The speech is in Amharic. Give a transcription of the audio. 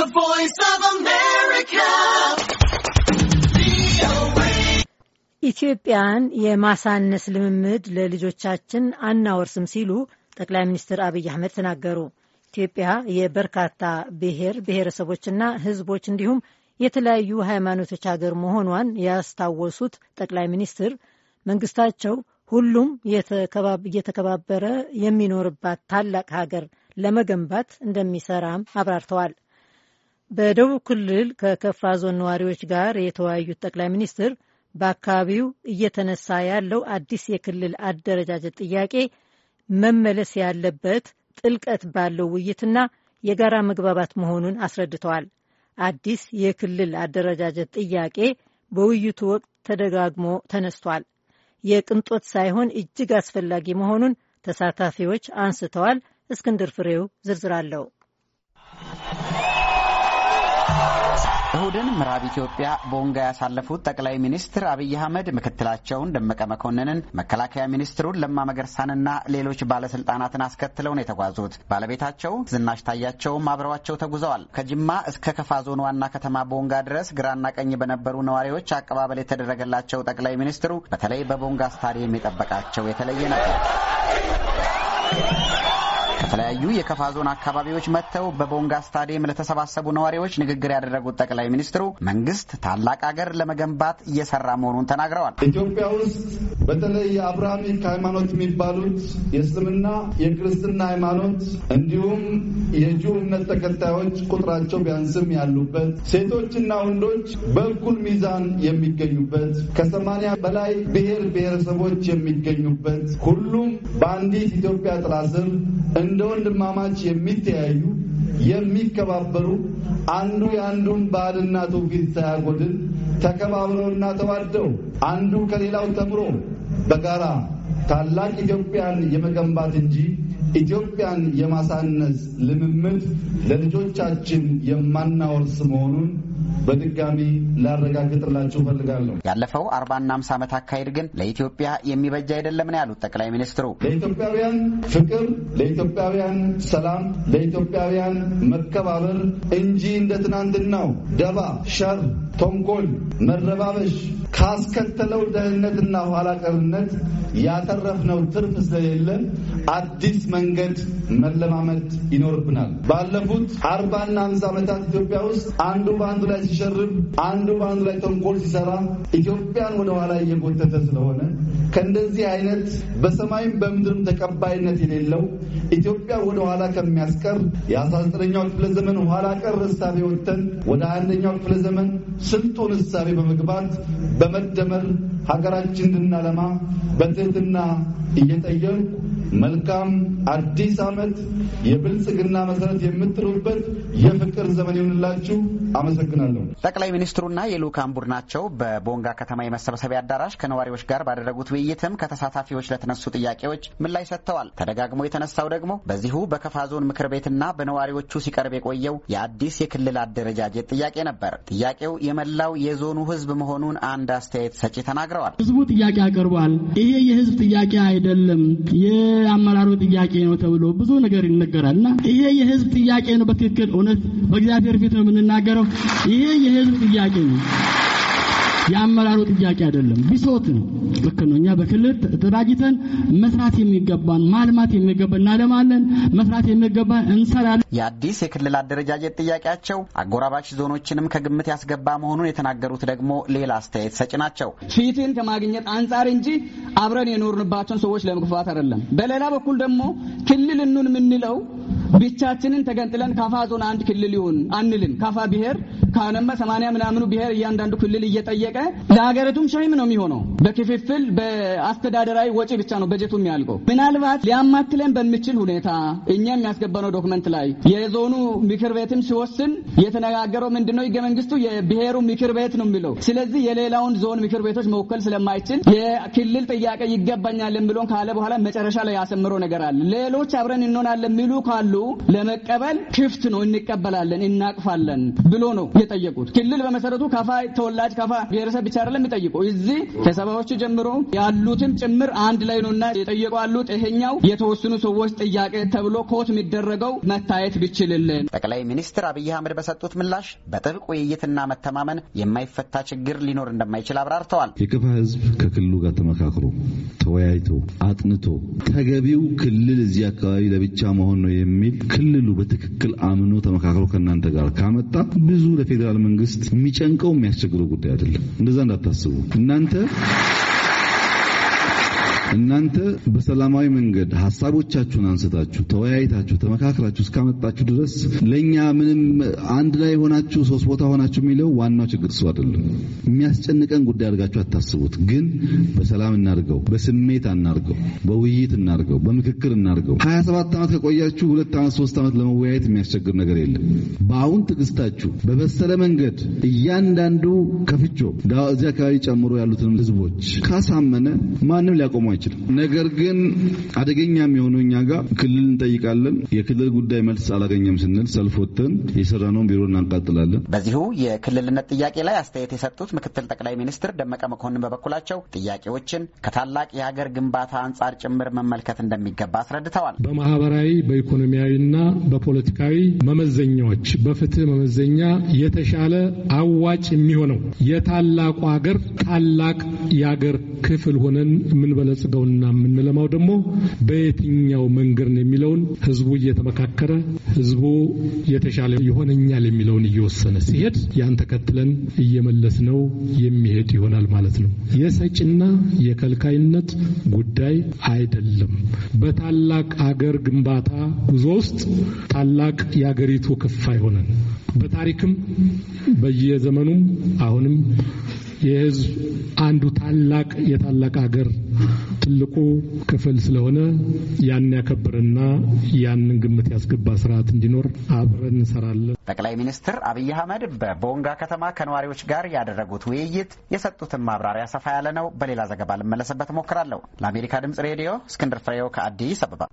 The Voice of America. ኢትዮጵያን የማሳነስ ልምምድ ለልጆቻችን አናወርስም ሲሉ ጠቅላይ ሚኒስትር አብይ አህመድ ተናገሩ። ኢትዮጵያ የበርካታ ብሔር ብሔረሰቦችና ሕዝቦች እንዲሁም የተለያዩ ሃይማኖቶች ሀገር መሆኗን ያስታወሱት ጠቅላይ ሚኒስትር መንግስታቸው ሁሉም እየተከባበረ የሚኖርባት ታላቅ ሀገር ለመገንባት እንደሚሰራም አብራርተዋል። በደቡብ ክልል ከከፋ ዞን ነዋሪዎች ጋር የተወያዩት ጠቅላይ ሚኒስትር በአካባቢው እየተነሳ ያለው አዲስ የክልል አደረጃጀት ጥያቄ መመለስ ያለበት ጥልቀት ባለው ውይይትና የጋራ መግባባት መሆኑን አስረድተዋል። አዲስ የክልል አደረጃጀት ጥያቄ በውይይቱ ወቅት ተደጋግሞ ተነስቷል። የቅንጦት ሳይሆን እጅግ አስፈላጊ መሆኑን ተሳታፊዎች አንስተዋል። እስክንድር ፍሬው ዝርዝር አለው። እሁድን ምዕራብ ኢትዮጵያ ቦንጋ ያሳለፉት ጠቅላይ ሚኒስትር አብይ አህመድ ምክትላቸውን ደመቀ መኮንንን፣ መከላከያ ሚኒስትሩን ለማ መገርሳንና ሌሎች ባለስልጣናትን አስከትለው ነው የተጓዙት። ባለቤታቸው ዝናሽ ታያቸውም አብረዋቸው ተጉዘዋል። ከጅማ እስከ ከፋ ዞን ዋና ከተማ ቦንጋ ድረስ ግራና ቀኝ በነበሩ ነዋሪዎች አቀባበል የተደረገላቸው ጠቅላይ ሚኒስትሩ በተለይ በቦንጋ ስታዲየም የጠበቃቸው የተለየ ነበር። ከተለያዩ የከፋ ዞን አካባቢዎች መጥተው በቦንጋ ስታዲየም ለተሰባሰቡ ነዋሪዎች ንግግር ያደረጉት ጠቅላይ ሚኒስትሩ መንግስት ታላቅ አገር ለመገንባት እየሰራ መሆኑን ተናግረዋል። ኢትዮጵያ ውስጥ በተለይ የአብርሃሚክ ሃይማኖት የሚባሉት የእስልምና፣ የክርስትና ሃይማኖት እንዲሁም የጁ እምነት ተከታዮች ቁጥራቸው ቢያንስም ያሉበት ሴቶችና ወንዶች በእኩል ሚዛን የሚገኙበት ከሰማንያ በላይ ብሔር ብሔረሰቦች የሚገኙበት ሁሉም በአንዲት ኢትዮጵያ ጥላ ስር እንደ ወንድማማች የሚተያዩ የሚከባበሩ አንዱ የአንዱን ባህልና ትውፊት ሳያጎድል ተከባብረውና ተዋደው አንዱ ከሌላው ተምሮ በጋራ ታላቅ ኢትዮጵያን የመገንባት እንጂ ኢትዮጵያን የማሳነስ ልምምድ ለልጆቻችን የማናወርስ መሆኑን በድጋሚ ላረጋግጥላችሁ ፈልጋለሁ። ያለፈው አርባና አምሳ ዓመት አካሄድ ግን ለኢትዮጵያ የሚበጅ አይደለም ነው ያሉት ጠቅላይ ሚኒስትሩ። ለኢትዮጵያውያን ፍቅር፣ ለኢትዮጵያውያን ሰላም፣ ለኢትዮጵያውያን መከባበር እንጂ እንደ ትናንትናው ደባ፣ ሸር፣ ተንኮል፣ መረባበሽ ካስከተለው ደህንነትና ኋላ ቀርነት ያተረፍነው ትርፍ ስለሌለ አዲስ መንገድ መለማመድ ይኖርብናል። ባለፉት አርባና አምሳ ዓመታት ኢትዮጵያ ውስጥ አንዱ በአንዱ ላይ ሲሸርብ፣ አንዱ በአንዱ ላይ ተንኮል ሲሰራ ኢትዮጵያን ወደኋላ እየጎተተ ስለሆነ ከእንደዚህ አይነት በሰማይም በምድርም ተቀባይነት የሌለው ኢትዮጵያ ወደ ኋላ ከሚያስቀር የ19ኛው ክፍለ ዘመን ኋላ ቀር እሳቤ ወጥተን ወደ አንደኛው ክፍለ ዘመን ስልጡን እሳቤ በመግባት በመደመር ሀገራችን እንድናለማ በትህትና እየጠየቅ መልካም አዲስ ዓመት የብልጽግና መሰረት የምጥሉበት የፍቅር ዘመን ይሁንላችሁ። አመሰግናለሁ። ጠቅላይ ሚኒስትሩና የልዑካን ቡድናቸው በቦንጋ ከተማ የመሰብሰቢያ አዳራሽ ከነዋሪዎች ጋር ባደረጉት ውይይትም ከተሳታፊዎች ለተነሱ ጥያቄዎች ምላሽ ሰጥተዋል። ተደጋግሞ የተነሳው ደግሞ በዚሁ በከፋ ዞን ምክር ቤትና በነዋሪዎቹ ሲቀርብ የቆየው የአዲስ የክልል አደረጃጀት ጥያቄ ነበር። ጥያቄው የመላው የዞኑ ህዝብ መሆኑን አንድ አስተያየት ሰጪ ተናግረዋል። ህዝቡ ጥያቄ አቅርቧል። ይሄ የህዝብ ጥያቄ አይደለም የአመራሩ ጥያቄ ነው ተብሎ ብዙ ነገር ይነገራል እና ይሄ የህዝብ ጥያቄ ነው በትክክል እውነት በእግዚአብሔር ፊት ነው የምንናገረው ነው። ይሄ የህዝብ ጥያቄ ነው። የአመራሩ ጥያቄ አይደለም፣ ቢሶት ነው። ልክ ነው። እኛ በክልል ተደራጅተን መስራት የሚገባን ማልማት የሚገባን እናለማለን፣ መስራት የሚገባን እንሰራለን። የአዲስ የክልል አደረጃጀት ጥያቄያቸው አጎራባች ዞኖችንም ከግምት ያስገባ መሆኑን የተናገሩት ደግሞ ሌላ አስተያየት ሰጭ ናቸው። ፊትን ከማግኘት አንጻር እንጂ አብረን የኖርንባቸውን ሰዎች ለመግፋት አይደለም። በሌላ በኩል ደግሞ ክልል እንሁን የምንለው ብቻችንን ተገንጥለን ካፋ ዞን አንድ ክልል ይሁን አንልም። ካፋ ብሔር ካነማ ሰማንያ ምናምኑ ብሔር እያንዳንዱ ክልል እየጠየቀ ለሀገሪቱም ሸይም ነው የሚሆነው። በክፍፍል በአስተዳደራዊ ወጪ ብቻ ነው በጀቱ የሚያልቀው። ምናልባት ሊያማትለን በሚችል ሁኔታ እኛ የሚያስገባነው ዶክመንት ላይ የዞኑ ምክር ቤትም ሲወስን የተነጋገረው ምንድነው ህገ መንግስቱ የብሔሩ ምክር ቤት ነው የሚለው። ስለዚህ የሌላውን ዞን ምክር ቤቶች መወከል ስለማይችል የክልል ጥያቄ ይገባኛል የሚለውን ካለ በኋላ መጨረሻ ላይ ያሰምረው ነገር አለ። ሌሎች አብረን እንሆናለን የሚሉ ካሉ ለመቀበል ክፍት ነው፣ እንቀበላለን፣ እናቅፋለን ብሎ ነው የጠየቁት። ክልል በመሰረቱ ከፋ ተወላጅ ከፋ ብሔረሰብ ብቻ አይደለም የሚጠይቁ እዚህ ከሰባዎቹ ጀምሮ ያሉትም ጭምር አንድ ላይ ነውና የጠየቁ አሉት። ይሄኛው የተወሰኑ ሰዎች ጥያቄ ተብሎ ኮት የሚደረገው መታየት ቢችልልን። ጠቅላይ ሚኒስትር አብይ አህመድ በሰጡት ምላሽ በጥብቅ ውይይትና መተማመን የማይፈታ ችግር ሊኖር እንደማይችል አብራርተዋል። የከፋ ህዝብ ከክልሉ ጋር ተመካክሮ ተወያይቶ አጥንቶ ተገቢው ክልል እዚህ አካባቢ ለብቻ መሆን ነው የሚል በሚል ክልሉ በትክክል አምኖ ተመካክሮ ከእናንተ ጋር ካመጣ ብዙ ለፌዴራል መንግስት የሚጨንቀው የሚያስቸግረው ጉዳይ አይደለም። እንደዛ እንዳታስቡ እናንተ እናንተ በሰላማዊ መንገድ ሀሳቦቻችሁን አንስታችሁ ተወያይታችሁ ተመካክራችሁ እስካመጣችሁ ድረስ ለእኛ ምንም አንድ ላይ ሆናችሁ ሶስት ቦታ ሆናችሁ የሚለው ዋናው ችግር እሱ አይደለም። የሚያስጨንቀን ጉዳይ አድርጋችሁ አታስቡት። ግን በሰላም እናርገው፣ በስሜት እናርገው በውይይት እናርገው፣ በምክክር እናርገው። ሀያ ሰባት ዓመት ከቆያችሁ ሁለት ዓመት ሶስት ዓመት ለመወያየት የሚያስቸግር ነገር የለም። በአሁን ትዕግስታችሁ በበሰለ መንገድ እያንዳንዱ ከፍቾ እዚህ አካባቢ ጨምሮ ያሉትን ህዝቦች ካሳመነ ማንም ሊያቆሙ አይችልም። ነገር ግን አደገኛ የሚሆነው እኛ ጋር ክልል እንጠይቃለን። የክልል ጉዳይ መልስ አላገኘም ስንል ሰልፍ ወጥተን የሰራነውን ቢሮ እናንቃጥላለን። በዚሁ የክልልነት ጥያቄ ላይ አስተያየት የሰጡት ምክትል ጠቅላይ ሚኒስትር ደመቀ መኮንን በበኩላቸው ጥያቄዎችን ከታላቅ የሀገር ግንባታ አንጻር ጭምር መመልከት እንደሚገባ አስረድተዋል። በማህበራዊ በኢኮኖሚያዊና በፖለቲካዊ መመዘኛዎች በፍትህ መመዘኛ የተሻለ አዋጭ የሚሆነው የታላቁ ሀገር ታላቅ የሀገር ክፍል ሆነን የምንበለጽ የምንፈልገውና የምንለማው ደግሞ በየትኛው መንገድ ነው የሚለውን ህዝቡ እየተመካከረ ህዝቡ የተሻለ ይሆነኛል የሚለውን እየወሰነ ሲሄድ ያን ተከትለን እየመለስ ነው የሚሄድ ይሆናል ማለት ነው። የሰጭና የከልካይነት ጉዳይ አይደለም። በታላቅ አገር ግንባታ ጉዞ ውስጥ ታላቅ የአገሪቱ ክፋይ ሆነን በታሪክም በየዘመኑም አሁንም የህዝብ አንዱ ታላቅ የታላቅ ሀገር ትልቁ ክፍል ስለሆነ ያን ያከብርና ያንን ግምት ያስገባ ስርዓት እንዲኖር አብረን እንሰራለን። ጠቅላይ ሚኒስትር አብይ አህመድ በቦንጋ ከተማ ከነዋሪዎች ጋር ያደረጉት ውይይት የሰጡትን ማብራሪያ ሰፋ ያለ ነው። በሌላ ዘገባ ልመለስበት እሞክራለሁ። ለአሜሪካ ድምጽ ሬዲዮ እስክንድር ፍሬው ከአዲስ አበባ